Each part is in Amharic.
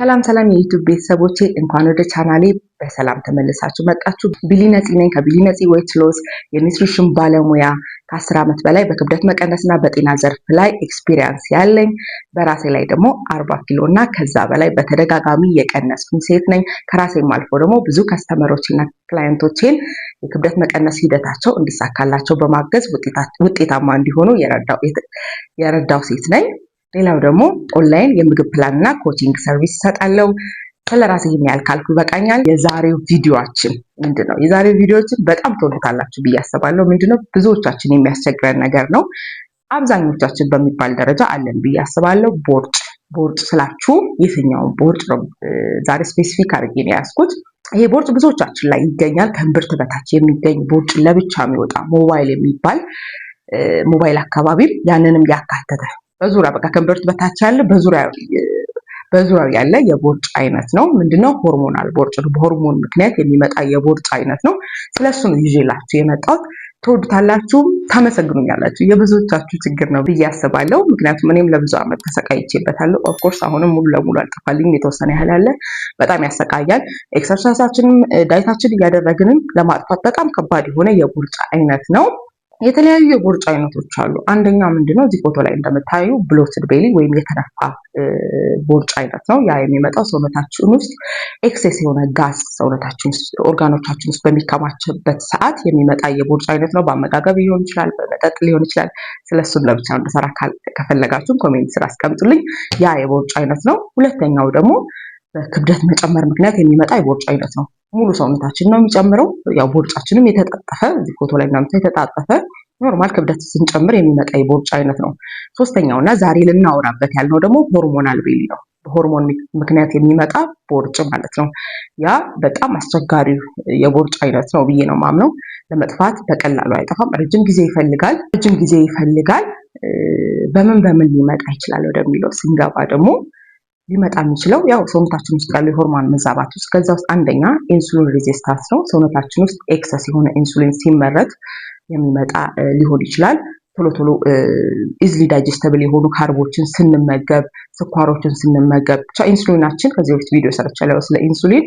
ሰላም ሰላም የዩቱብ ቤተሰቦቼ እንኳን ወደ ቻናሌ በሰላም ተመልሳችሁ መጣችሁ። ቢሊ ነፂ ነኝ። ከቢሊ ነፂ ዌይት ሎስ የኒትሪሽን ባለሙያ ከአስር ዓመት በላይ በክብደት መቀነስና በጤና ዘርፍ ላይ ኤክስፒሪንስ ያለኝ በራሴ ላይ ደግሞ አርባ ኪሎ እና ከዛ በላይ በተደጋጋሚ የቀነስኩኝ ሴት ነኝ። ከራሴም አልፎ ደግሞ ብዙ ከስተመሮችና ክላይንቶቼን የክብደት መቀነስ ሂደታቸው እንዲሳካላቸው በማገዝ ውጤታማ እንዲሆኑ የረዳው ሴት ነኝ። ሌላው ደግሞ ኦንላይን የምግብ ፕላን እና ኮቺንግ ሰርቪስ እሰጣለሁ። ስለራሴ የሚያህል ካልኩ ይበቃኛል። የዛሬው ቪዲዮችን ምንድን ነው? የዛሬው ቪዲዮችን በጣም ትወዱታላችሁ ብዬ አስባለሁ። ምንድን ነው ብዙዎቻችን የሚያስቸግረን ነገር ነው። አብዛኞቻችን በሚባል ደረጃ አለን ብዬ አስባለሁ። ቦርጭ ቦርጭ ስላችሁ የትኛውን ቦርጭ ነው? ዛሬ ስፔሲፊክ አድርጌ ነው ያስኩት። ይሄ ቦርጭ ብዙዎቻችን ላይ ይገኛል። ከእምብርት በታች የሚገኝ ቦርጭ ለብቻ የሚወጣ ሞባይል የሚባል ሞባይል አካባቢም ያንንም ያካተተ በዙሪያ በቃ ከንበርት በታች ያለ በዙሪያው ያለ የቦርጭ አይነት ነው። ምንድነው? ሆርሞናል ቦርጭ ነው። በሆርሞን ምክንያት የሚመጣ የቦርጭ አይነት ነው። ስለሱ ነው ይዤላችሁ የመጣሁት። ትወዱታላችሁ፣ ታመሰግኑኛላችሁ። የብዙዎቻችሁ ችግር ነው ብዬ አስባለሁ። ምክንያቱም እኔም ለብዙ ዓመት ተሰቃይቼበታለሁ። ኦፍኮርስ አሁንም ሙሉ ለሙሉ አልጠፋልኝም፣ የተወሰነ ያህል አለ። በጣም ያሰቃያል። ኤክሰርሳይሳችንም ዳይታችን እያደረግንም ለማጥፋት በጣም ከባድ የሆነ የቦርጭ አይነት ነው። የተለያዩ የቦርጭ አይነቶች አሉ። አንደኛው ምንድነው እዚህ ፎቶ ላይ እንደምታዩ ብሎትድ ቤሊ ወይም የተነፋ ቦርጭ አይነት ነው። ያ የሚመጣው ሰውነታችን ውስጥ ኤክሴስ የሆነ ጋዝ ሰውነታችን ውስጥ ኦርጋኖቻችን ውስጥ በሚከማችበት ሰዓት የሚመጣ የቦርጭ አይነት ነው። በአመጋገብ ሊሆን ይችላል፣ በመጠጥ ሊሆን ይችላል። ስለሱም ለብቻ እንደሰራ ከፈለጋችሁም ኮሜንት ስራ አስቀምጡልኝ። ያ የቦርጭ አይነት ነው። ሁለተኛው ደግሞ በክብደት መጨመር ምክንያት የሚመጣ የቦርጭ አይነት ነው። ሙሉ ሰውነታችን ነው የሚጨምረው። ያው ቦርጫችንም የተጣጠፈ እዚህ ፎቶ ላይ እናምታ የተጣጠፈ ኖርማል ክብደት ስንጨምር የሚመጣ የቦርጭ አይነት ነው። ሶስተኛው እና ዛሬ ልናወራበት ያልነው ደግሞ ሆርሞናል ቤሊ ነው። በሆርሞን ምክንያት የሚመጣ ቦርጭ ማለት ነው። ያ በጣም አስቸጋሪ የቦርጭ አይነት ነው ብዬ ነው ማምነው። ለመጥፋት በቀላሉ አይጠፋም። ረጅም ጊዜ ይፈልጋል። ረጅም ጊዜ ይፈልጋል። በምን በምን ሊመጣ ይችላል ወደሚለው ስንገባ ደግሞ ሊመጣ የሚችለው ያው ሰውነታችን ውስጥ ያሉ የሆርሞን መዛባት ውስጥ ከዛ ውስጥ አንደኛ ኢንሱሊን ሬዚስታንስ ነው። ሰውነታችን ውስጥ ኤክሰስ የሆነ ኢንሱሊን ሲመረት የሚመጣ ሊሆን ይችላል። ቶሎ ቶሎ ኢዝሊ ዳይጀስተብል የሆኑ ካርቦችን ስንመገብ፣ ስኳሮችን ስንመገብ ብቻ ኢንሱሊናችን ከዚህ በፊት ቪዲዮ ሰርቻለሁ ስለ ኢንሱሊን።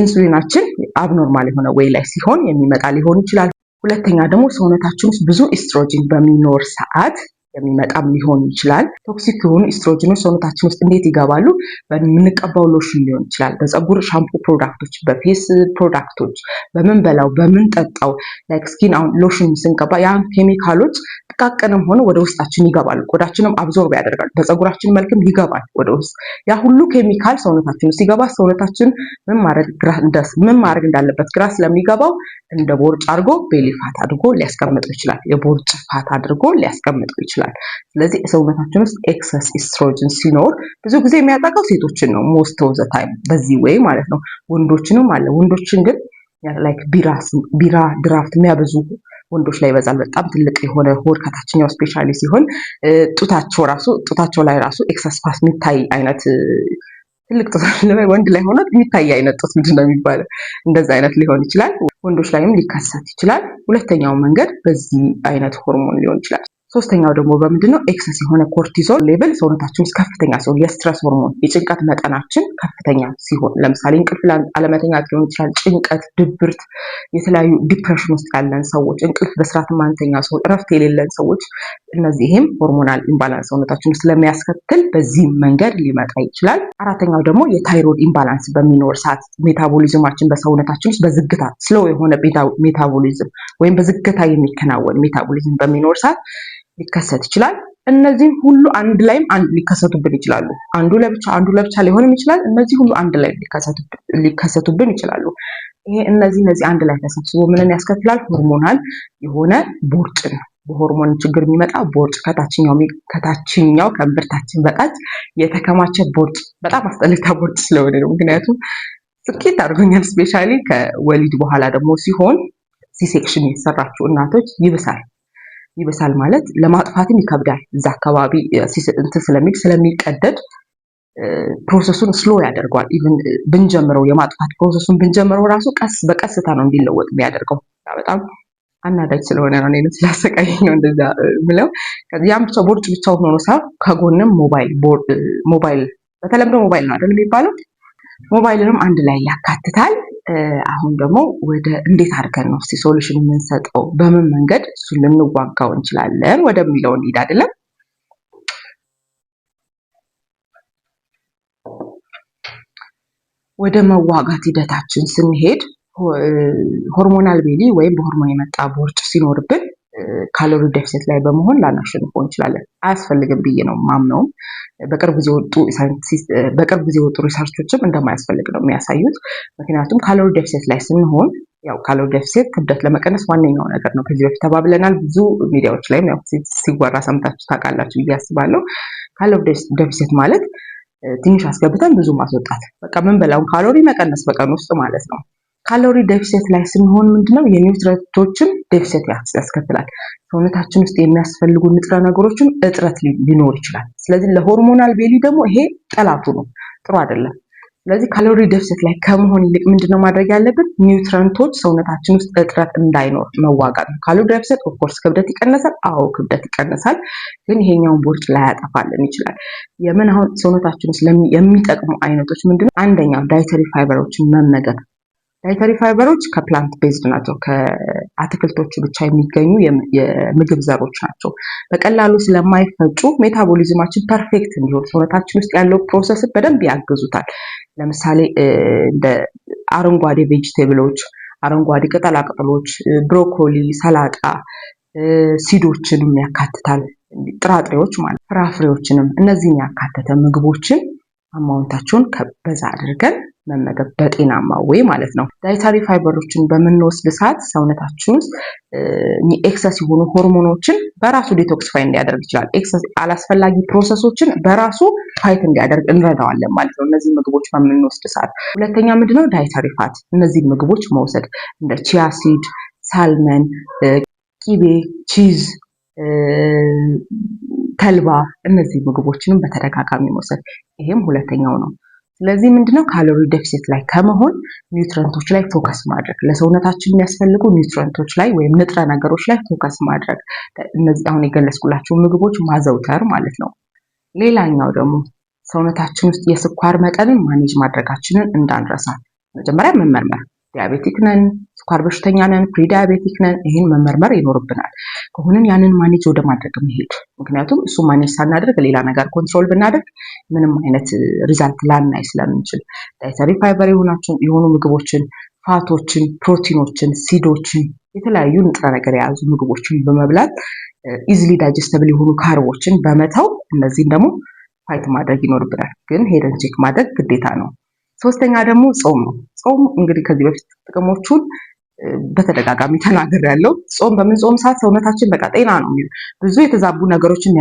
ኢንሱሊናችን አብኖርማል የሆነ ወይ ላይ ሲሆን የሚመጣ ሊሆን ይችላል። ሁለተኛ ደግሞ ሰውነታችን ውስጥ ብዙ ኢስትሮጂን በሚኖር ሰዓት የሚመጣም ሊሆን ይችላል። ቶክሲክ የሆኑ ኢስትሮጅኖች ሰውነታችን ውስጥ እንዴት ይገባሉ? በምንቀባው ሎሽን ሊሆን ይችላል፣ በፀጉር ሻምፖ ፕሮዳክቶች፣ በፌስ ፕሮዳክቶች፣ በምንበላው በምንጠጣው ላይክ ስኪን አሁን ሎሽን ስንቀባ ያን ኬሚካሎች ጥቃቅንም ሆነ ወደ ውስጣችን ይገባሉ። ቆዳችንም አብዞርብ ያደርጋሉ። በፀጉራችን መልክም ይገባል ወደ ውስጥ። ያ ሁሉ ኬሚካል ሰውነታችን ውስጥ ሲገባ ሰውነታችን ምን ማድረግ እንዳለበት ግራ ስለሚገባው እንደ ቦርጭ አድርጎ ቤሊ አድርጎ ሊያስቀምጠው ይችላል። የቦርጭ ፋት አድርጎ ሊያስቀምጠው ይችላል። ይችላል። ስለዚህ ሰውነታችን ውስጥ ኤክሰስ ኢስትሮጅን ሲኖር ብዙ ጊዜ የሚያጠቃው ሴቶችን ነው፣ ሞስት ኦፍ ዘ ታይም በዚህ ወይ ማለት ነው። ወንዶችንም አለ። ወንዶችን ግን ላይክ ቢራ ድራፍት የሚያበዙ ወንዶች ላይ ይበዛል። በጣም ትልቅ የሆነ ሆድ ከታችኛው ስፔሻሊ ሲሆን ጡታቸው ራሱ ጡታቸው ላይ ራሱ ኤክሰስ ፋስ የሚታይ አይነት ትልቅ ጡት ወንድ ላይ ሆኖ የሚታይ አይነት ጡት ምንድን ነው የሚባለው? እንደዚ አይነት ሊሆን ይችላል። ወንዶች ላይም ሊከሰት ይችላል። ሁለተኛው መንገድ በዚህ አይነት ሆርሞን ሊሆን ይችላል። ሶስተኛው ደግሞ በምንድነው ኤክሰስ የሆነ ኮርቲዞል ሌቭል ሰውነታችን ውስጥ ከፍተኛ ሲሆን የስትረስ ሆርሞን የጭንቀት መጠናችን ከፍተኛ ሲሆን ለምሳሌ እንቅልፍ አለመተኛት ሊሆን ይችላል፣ ጭንቀት፣ ድብርት፣ የተለያዩ ዲፕሬሽን ውስጥ ያለን ሰዎች፣ እንቅልፍ በስርዓት ማንተኛ ሰዎች፣ እረፍት የሌለን ሰዎች እነዚህም ሆርሞናል ኢምባላንስ ሰውነታችን ውስጥ ስለሚያስከትል በዚህ መንገድ ሊመጣ ይችላል። አራተኛው ደግሞ የታይሮድ ኢምባላንስ በሚኖር ሰዓት ሜታቦሊዝማችን በሰውነታችን ውስጥ በዝግታ ስለው የሆነ ሜታቦሊዝም ወይም በዝግታ የሚከናወን ሜታቦሊዝም በሚኖር ሰዓት ሊከሰት ይችላል። እነዚህም ሁሉ አንድ ላይም ሊከሰቱብን ይችላሉ። አንዱ ለብቻ አንዱ ለብቻ ሊሆንም ይችላል። እነዚህ ሁሉ አንድ ላይ ሊከሰቱብን ይችላሉ። ይሄ እነዚህ እነዚህ አንድ ላይ ተሰብስቦ ምንን ያስከትላል? ሆርሞናል የሆነ ቦርጭን በሆርሞን ችግር የሚመጣ ቦርጭ ከታችኛው ከእምብርታችን በታች የተከማቸ ቦርጭ። በጣም አስጠልታ ቦርጭ ስለሆነ ነው። ምክንያቱም ስኬት አድርጎኛል። ስፔሻሊ ከወሊድ በኋላ ደግሞ ሲሆን ሲሴክሽን የተሰራችው እናቶች ይብሳል። ይብሳል ማለት ለማጥፋትም ይከብዳል። እዛ አካባቢ እንትን ስለሚል ስለሚቀደድ ፕሮሰሱን ስሎ ያደርገዋል። ኢቭን ብንጀምረው የማጥፋት ፕሮሰሱን ብንጀምረው ራሱ ቀስ በቀስታ ነው እንዲለወጥ የሚያደርገው። በጣም አናዳጅ ስለሆነ ነው እኔንም ስላሰቃየኝ ነው እንደዚያ ምለው። ያም ብቻ ቦርጭ ብቻ ሆኖ ሳ ከጎንም ሞባይል ሞባይል በተለምዶ ሞባይል ነው አይደል የሚባለው ሞባይልንም አንድ ላይ ያካትታል። አሁን ደግሞ ወደ እንዴት አድርገን ነው እስቲ ሶሉሽን የምንሰጠው በምን መንገድ እሱን ልንዋጋው እንችላለን ወደሚለው እንሂድ አይደለም። ወደ መዋጋት ሂደታችን ስንሄድ ሆርሞናል ቤሊ ወይም በሆርሞን የመጣ ቦርጭ ሲኖርብን ካሎሪ ደፍሴት ላይ በመሆን ላናሸንፈው እንችላለን። አያስፈልግም ብዬ ነው ማምነውም። በቅርብ ጊዜ ወጡ በቅርብ ጊዜ የወጡ ሪሰርቾችም እንደማያስፈልግ ነው የሚያሳዩት። ምክንያቱም ካሎሪ ደፍሴት ላይ ስንሆን ያው ካሎሪ ደፍሴት ክብደት ለመቀነስ ዋነኛው ነገር ነው። ከዚህ በፊት ተባብለናል። ብዙ ሚዲያዎች ላይም ያው ሲወራ ሰምታችሁ ታውቃላችሁ ብዬ አስባለሁ። ካሎሪ ደፍሴት ማለት ትንሽ አስገብተን ብዙ ማስወጣት፣ በቃ ምን በላውን ካሎሪ መቀነስ በቀን ውስጥ ማለት ነው። ካሎሪ ደፊሴት ላይ ስንሆን ምንድነው የኒውትረንቶችን ደፊሴት ያስከትላል። ሰውነታችን ውስጥ የሚያስፈልጉ ንጥረ ነገሮችን እጥረት ሊኖር ይችላል። ስለዚህ ለሆርሞናል ቤሊ ደግሞ ይሄ ጠላቱ ነው፣ ጥሩ አይደለም። ስለዚህ ካሎሪ ደፊሴት ላይ ከመሆን ይልቅ ምንድነው ማድረግ ያለብን? ኒውትረንቶች ሰውነታችን ውስጥ እጥረት እንዳይኖር መዋጋት ነው። ካሎሪ ደፊሴት ኦፍኮርስ ክብደት ይቀነሳል። አዎ ክብደት ይቀነሳል፣ ግን ይሄኛውን ቦርጭ ያጠፋልን ይችላል። የምን አሁን ሰውነታችን ውስጥ የሚጠቅሙ አይነቶች ምንድነው? አንደኛው ዳይተሪ ፋይበሮችን መመገብ ዳይተሪ ፋይበሮች ከፕላንት ቤዝድ ናቸው። ከአትክልቶች ብቻ የሚገኙ የምግብ ዘሮች ናቸው። በቀላሉ ስለማይፈጩ ሜታቦሊዝማችን ፐርፌክት እንዲሆን ሰውነታችን ውስጥ ያለው ፕሮሰስ በደንብ ያግዙታል። ለምሳሌ እንደ አረንጓዴ ቬጅቴብሎች፣ አረንጓዴ ቅጠላቅጠሎች ብሮኮሊ፣ ሰላጣ ሲዶችንም ያካትታል። ጥራጥሬዎች ማለት ፍራፍሬዎችንም እነዚህን ያካተተ ምግቦችን አማውንታቸውን በዛ አድርገን መመገብ በጤናማ ወይ ማለት ነው። ዳይታሪ ፋይበሮችን በምንወስድ ሰዓት ሰውነታችን ውስጥ ኤክሰስ የሆኑ ሆርሞኖችን በራሱ ዲቶክስፋይ እንዲያደርግ ይችላል። አላስፈላጊ ፕሮሰሶችን በራሱ ፋይት እንዲያደርግ እንረዳዋለን ማለት ነው። እነዚህ ምግቦች በምንወስድ ሰዓት ሁለተኛ ምንድነው ዳይታሪ ፋት፣ እነዚህ ምግቦች መውሰድ እንደ ቺያሲድ፣ ሳልመን፣ ቂቤ፣ ቺዝ ተልባ እነዚህ ምግቦችንም በተደጋጋሚ መውሰድ ይሄም ሁለተኛው ነው። ስለዚህ ምንድነው ካሎሪ ዴፊሲት ላይ ከመሆን ኒውትረንቶች ላይ ፎከስ ማድረግ ለሰውነታችን የሚያስፈልጉ ኒውትረንቶች ላይ ወይም ንጥረ ነገሮች ላይ ፎከስ ማድረግ እነዚህ አሁን የገለጽኩላቸው ምግቦች ማዘውተር ማለት ነው። ሌላኛው ደግሞ ሰውነታችን ውስጥ የስኳር መጠንን ማኔጅ ማድረጋችንን እንዳንረሳ መጀመሪያ መመርመር ዲያቤቲክ ነን ስኳር በሽተኛ ነን፣ ፕሪዳያቤቲክ ነን፣ ይህን መመርመር ይኖርብናል። ከሆነን ያንን ማኔጅ ወደ ማድረግ መሄድ ምክንያቱም እሱ ማኔጅ ሳናደርግ ሌላ ነገር ኮንትሮል ብናደርግ ምንም አይነት ሪዛልት ላናይ ስለምንችል ዳይተሪ ፋይበር የሆኑ ምግቦችን፣ ፋቶችን፣ ፕሮቲኖችን፣ ሲዶችን የተለያዩ ንጥረ ነገር የያዙ ምግቦችን በመብላት ኢዝሊ ዳይጀስተብል የሆኑ ካርቦችን በመተው እነዚህን ደግሞ ፋይት ማድረግ ይኖርብናል። ግን ሄደን ቼክ ማድረግ ግዴታ ነው። ሶስተኛ ደግሞ ጾም ነው። ጾም እንግዲህ ከዚህ በፊት ጥቅሞቹን በተደጋጋሚ ተናገር ያለው ጾም በምንጾም ሰዓት ሰውነታችን በቃ ጤና ነው የሚሉ ብዙ የተዛቡ ነገሮችን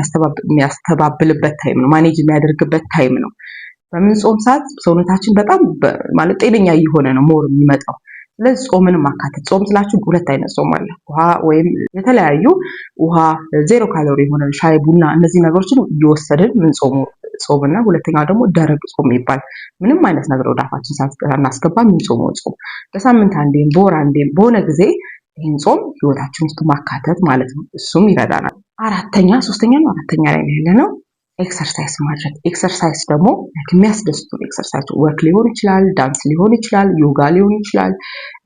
የሚያስተባብልበት ታይም ነው፣ ማኔጅ የሚያደርግበት ታይም ነው። በምንጾም ሰዓት ሰውነታችን በጣም ማለት ጤነኛ እየሆነ ነው ሞር የሚመጣው ስለዚህ ጾምን ማካተት ጾም ስላችሁ ሁለት አይነት ጾም አለ። ውሃ ወይም የተለያዩ ውሃ፣ ዜሮ ካሎሪ የሆነ ሻይ፣ ቡና እነዚህ ነገሮችን እየወሰድን ምን ጾሙ ጾምና ሁለተኛው ደግሞ ደረቅ ጾም ይባል። ምንም አይነት ነገር ወደ አፋችን ሳናስገባ ምን ጾሙ ጾም በሳምንት አንዴም በወር አንዴም በሆነ ጊዜ ይህን ጾም ህይወታችን ውስጥ ማካተት ማለት ነው። እሱም ይረዳናል። አራተኛ ሶስተኛ ነው አራተኛ ላይ ያለ ነው ኤክሰርሳይዝ ማድረግ ኤክሰርሳይዝ ደግሞ የሚያስደስቱ ኤክሰርሳይዝ ወርክ ሊሆን ይችላል፣ ዳንስ ሊሆን ይችላል፣ ዮጋ ሊሆን ይችላል።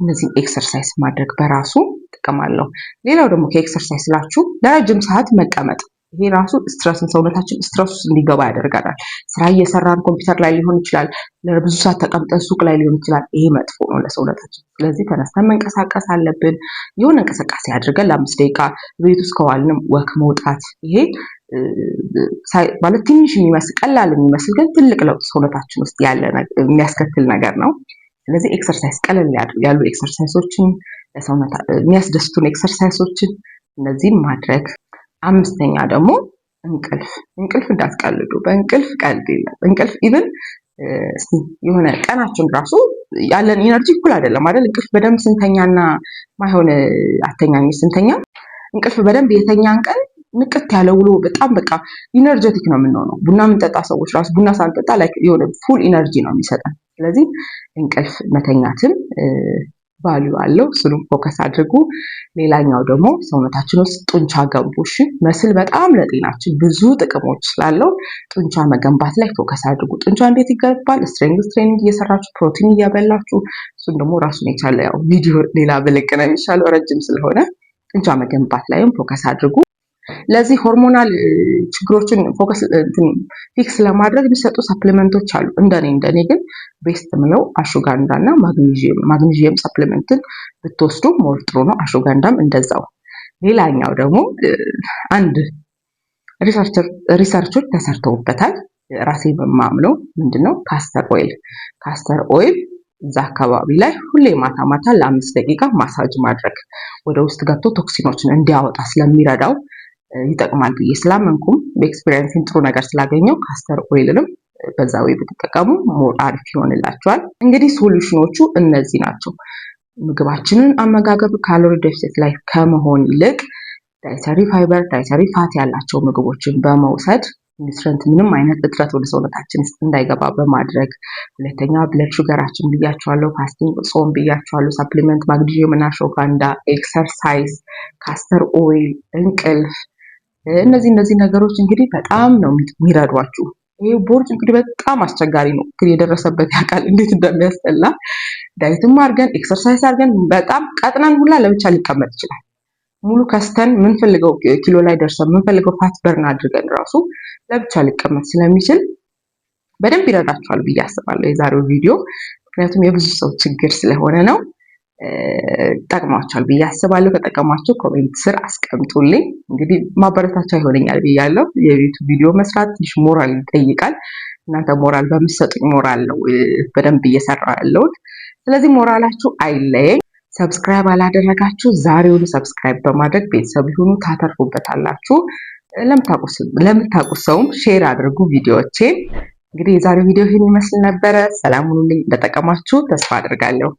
እነዚህ ኤክሰርሳይዝ ማድረግ በራሱ ጥቅም አለው። ሌላው ደግሞ ከኤክሰርሳይዝ ስላችሁ ለረጅም ሰዓት መቀመጥ ይሄ ራሱ ስትረስን ሰውነታችን ስትረስ ውስጥ እንዲገባ ያደርገናል። ስራ እየሰራን ኮምፒውተር ላይ ሊሆን ይችላል፣ ለብዙ ሰዓት ተቀምጠን ሱቅ ላይ ሊሆን ይችላል። ይሄ መጥፎ ነው ለሰውነታችን። ስለዚህ ተነስተን መንቀሳቀስ አለብን። የሆነ እንቅስቃሴ አድርገን ለአምስት ደቂቃ ቤት ውስጥ ከዋልንም ወክ መውጣት፣ ይሄ ማለት ትንሽ የሚመስል ቀላል የሚመስል ግን ትልቅ ለውጥ ሰውነታችን ውስጥ ያለ የሚያስከትል ነገር ነው። ስለዚህ ኤክሰርሳይዝ ቀለል ያሉ ኤክሰርሳይሶችን የሚያስደስቱን ኤክሰርሳይሶችን እነዚህም ማድረግ። አምስተኛ ደግሞ እንቅልፍ እንቅልፍ እንዳትቀልዱ። በእንቅልፍ ቀልድ የለም። እንቅልፍ ኢቭን የሆነ ቀናችን ራሱ ያለን ኢነርጂ እኩል አይደለም አይደል? እንቅልፍ በደንብ ስንተኛና ማይሆን አተኛኝ ስንተኛ እንቅልፍ በደንብ የተኛን ቀን ንቅት ያለ ውሎ በጣም በቃ ኢነርጀቲክ ነው የምንሆነው። ቡና የምንጠጣ ሰዎች ራሱ ቡና ሳንጠጣ ላይ የሆነ ፉል ኢነርጂ ነው የሚሰጠን። ስለዚህ እንቅልፍ መተኛትም ቫሊዩ አለው። እሱንም ፎከስ አድርጉ። ሌላኛው ደግሞ ሰውነታችን ውስጥ ጡንቻ ገንቡ። መስል በጣም ለጤናችን ብዙ ጥቅሞች ስላለው ጡንቻ መገንባት ላይ ፎከስ አድርጉ። ጡንቻ እንዴት ይገባል ስትሬንግ ስትሬኒንግ እየሰራችሁ ፕሮቲን እያበላችሁ፣ እሱን ደግሞ ራሱን የቻለ ያው ቪዲዮ ሌላ ብልቅ ነው የሚሻለው ረጅም ስለሆነ ጡንቻ መገንባት ላይም ፎከስ አድርጉ። ለዚህ ሆርሞናል ችግሮችን ፎከስ ፊክስ ለማድረግ የሚሰጡ ሰፕሊመንቶች አሉ። እንደኔ እንደኔ ግን ቤስት ምለው አሹጋንዳ እና ማግኒዥየም ሰፕሊመንትን ብትወስዱ ሞር ጥሩ ነው። አሹጋንዳም እንደዛው። ሌላኛው ደግሞ አንድ ሪሰርቾች ተሰርተውበታል። ራሴ በማምነው ምንድን ነው ካስተር ኦይል ካስተር ኦይል እዛ አካባቢ ላይ ሁሌ ማታ ማታ ለአምስት ደቂቃ ማሳጅ ማድረግ ወደ ውስጥ ገብቶ ቶክሲኖችን እንዲያወጣ ስለሚረዳው ይጠቅማል ብዬ ስላመንኩም በኤክስፔሪንስን ጥሩ ነገር ስላገኘው ካስተር ኦይልንም በዛ ወይ ብትጠቀሙ ሞር አሪፍ ይሆንላቸዋል። እንግዲህ ሶሉሽኖቹ እነዚህ ናቸው። ምግባችንን አመጋገብ ካሎሪ ደፊሴት ላይ ከመሆን ይልቅ ዳይተሪ ፋይበር፣ ዳይተሪ ፋት ያላቸው ምግቦችን በመውሰድ ኒውትረንት ምንም አይነት እጥረት ወደ ሰውነታችን ውስጥ እንዳይገባ በማድረግ ሁለተኛ ብለድ ሹገራችን ብያቸዋለሁ፣ ፋስቲንግ ጾም ብያቸዋለሁ፣ ሳፕሊመንት ማግኒዥየም እና ሾጋንዳ፣ ኤክሰርሳይዝ፣ ካስተር ኦይል፣ እንቅልፍ እነዚህ እነዚህ ነገሮች እንግዲህ በጣም ነው የሚረዷችሁ። ይሄ ቦርጭ እንግዲህ በጣም አስቸጋሪ ነው። እንግዲህ የደረሰበት ያውቃል እንዴት እንደሚያስጠላ። ዳይትም አድርገን ኤክሰርሳይዝ አድርገን በጣም ቀጥነን ሁላ ለብቻ ሊቀመጥ ይችላል። ሙሉ ከስተን ምንፈልገው ኪሎ ላይ ደርሰን ምንፈልገው ፋት በርን አድርገን ራሱ ለብቻ ሊቀመጥ ስለሚችል በደንብ ይረዳችኋል ብዬ አስባለሁ የዛሬው ቪዲዮ፣ ምክንያቱም የብዙ ሰው ችግር ስለሆነ ነው። ጠቅሟቸዋል ብዬ አስባለሁ። ከጠቀሟቸው ኮሜንት ስር አስቀምጡልኝ። እንግዲህ ማበረታቻ ይሆነኛል ብያለሁ። የቤቱ ቪዲዮ መስራት ትንሽ ሞራል ይጠይቃል። እናንተ ሞራል በምሰጡኝ ሞራል ነው በደንብ እየሰራ ያለሁት። ስለዚህ ሞራላችሁ አይለየኝ። ሰብስክራይብ አላደረጋችሁ ዛሬውኑ ሰብስክራይብ በማድረግ ቤተሰብ ይሁኑ፣ ታተርፉበታላችሁ። ለምታውቁ ሰውም ሼር አድርጉ ቪዲዮዎቼን። እንግዲህ የዛሬው ቪዲዮ ይህን ይመስል ነበረ። ሰላም ሁኑልኝ። እንደጠቀማችሁ ተስፋ አድርጋለሁ።